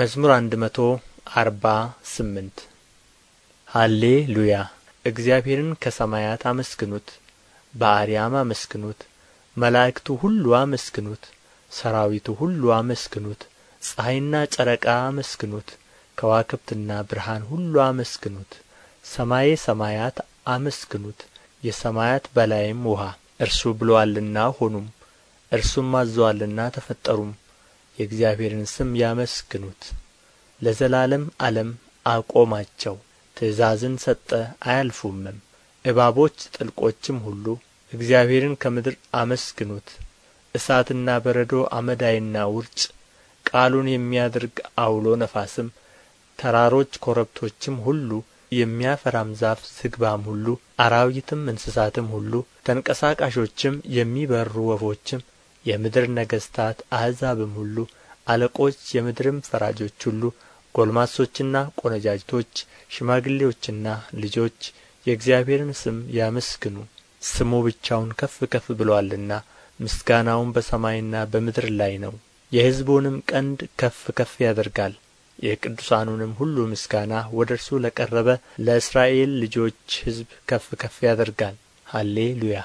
መዝሙር አንድ መቶ አርባ ስምንት ሃሌ ሉያ እግዚአብሔርን ከሰማያት አመስግኑት፣ በአርያም አመስግኑት፣ መላእክቱ ሁሉ አመስግኑት፣ ሰራዊቱ ሁሉ አመስግኑት፣ ፀሐይና ጨረቃ አመስግኑት፣ ከዋክብትና ብርሃን ሁሉ አመስግኑት፣ ሰማዬ ሰማያት አመስግኑት፣ የሰማያት በላይም ውሃ እርሱ ብሎአልና ሆኑም፣ እርሱም አዘዋልና ተፈጠሩም። የእግዚአብሔርን ስም ያመስግኑት ለዘላለም ዓለም አቆማቸው ትእዛዝን ሰጠ አያልፉምም እባቦች ጥልቆችም ሁሉ እግዚአብሔርን ከምድር አመስግኑት እሳትና በረዶ አመዳይና ውርጭ ቃሉን የሚያደርግ አውሎ ነፋስም ተራሮች ኮረብቶችም ሁሉ የሚያፈራም ዛፍ ዝግባም ሁሉ አራዊትም እንስሳትም ሁሉ ተንቀሳቃሾችም የሚበሩ ወፎችም የምድር ነገሥታት አሕዛብም ሁሉ አለቆች የምድርም ፈራጆች ሁሉ ጎልማሶችና ቆነጃጅቶች ሽማግሌዎችና ልጆች የእግዚአብሔርን ስም ያመስግኑ ስሙ ብቻውን ከፍ ከፍ ብሎአልና ምስጋናውም በሰማይና በምድር ላይ ነው የሕዝቡንም ቀንድ ከፍ ከፍ ያደርጋል የቅዱሳኑንም ሁሉ ምስጋና ወደ እርሱ ለቀረበ ለእስራኤል ልጆች ሕዝብ ከፍ ከፍ ያደርጋል ሃሌ ሉያ